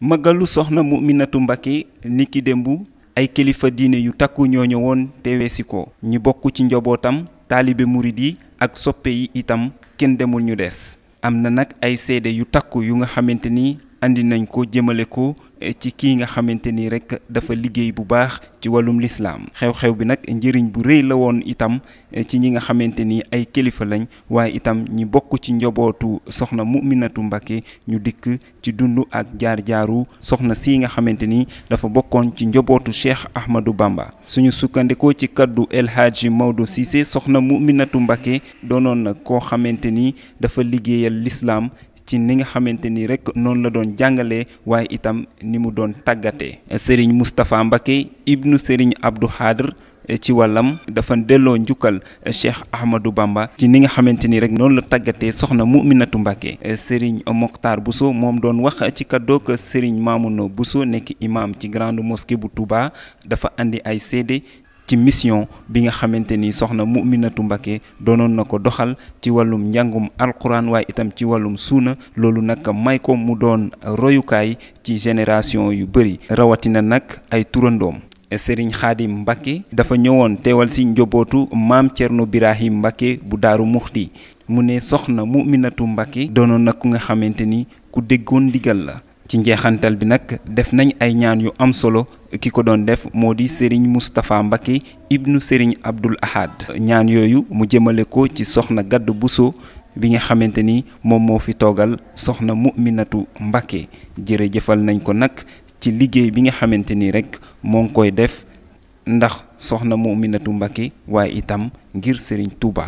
magalu soxna mu Muminatu Mbàkke niki démb ay kilifa diine yu takku ñoo woon teewee ko ñu bokk ci njobootam taalibe murid yi ak soppe yi itam kenn demul ñu des am na nag ay seede yu takku yu nga xamante ni indi nañ ko jëmale ko eh, ci kii nga xamante ni rek dafa liggéey bu baax ci wàllum lislaam xew-xew bi nag njëriñ bu rëy la woon itam eh, ci ñi nga xamante ni ay kilifa lañ waaye itam ñi bokk ci njobootu soxna mu minatu Mbacke ñu dikk ci dund ak jaar-jaaru soxna si nga xamante ni dafa bokkoon ci njobootu Cheikh Ahmadou Bamba suñu sukkandikoo ci kàddu El Hadji Maodo Cissé soxna minatu Mbacke doonoon na koo xamante ni dafa liggéeyal lislaam ci ni nga xamante ni rek noonu la doon jàngalee waaye itam ni mu doon tàggatee Serigne Moustapha Mbacké ibnu Serigne Abdou Khadr eh, ci wàllam dafa delloo njukkal eh, Cheikh Ahmadou Bamba ci ni nga xamante ni rek noonu la tàggatee soxna Muminatu Mbàkke eh, Serigne Mokhtar Bousso moom doon wax ci kaddoog Serigne Mamouna Bousso nekk imam ci grande mosquée bu Touba dafa andi ay seede ci mission bi nga xamante ni soxna Muminatu Mbacke doonoon na ko doxal ci wàllum njàngum alquran waaye itam ci wàllum suuna loolu nag may ko mu doon royukaay ci génération yu bëri rawatina nag ay turandoom. Sëriñ Xaadim Mbacke dafa ñëwoon teewal si njobootu maam Thierno Birahim Mbacke bu Daaru Muxti mu ne soxna Muminatu Mbacke doonoon na ku nga xamante ni ku déggoon digal la. ci njeexantal bi nag def nañ ay ñaan yu am solo ki ko doon def moo di Serigne Moustapha Mbacké ibnu sëriñ abdul Ahad ñaan yooyu mu jëmale ko ci soxna Gaddu Bousso bi nga xamante ni moom moo fi toogal soxna Muminatu Mbacké jërëjëfal nañ ko nag ci liggéey bi nga xamante ni rek moo ngi koy def ndax soxna Muminatu Mbacké waaye itam ngir Serigne tuuba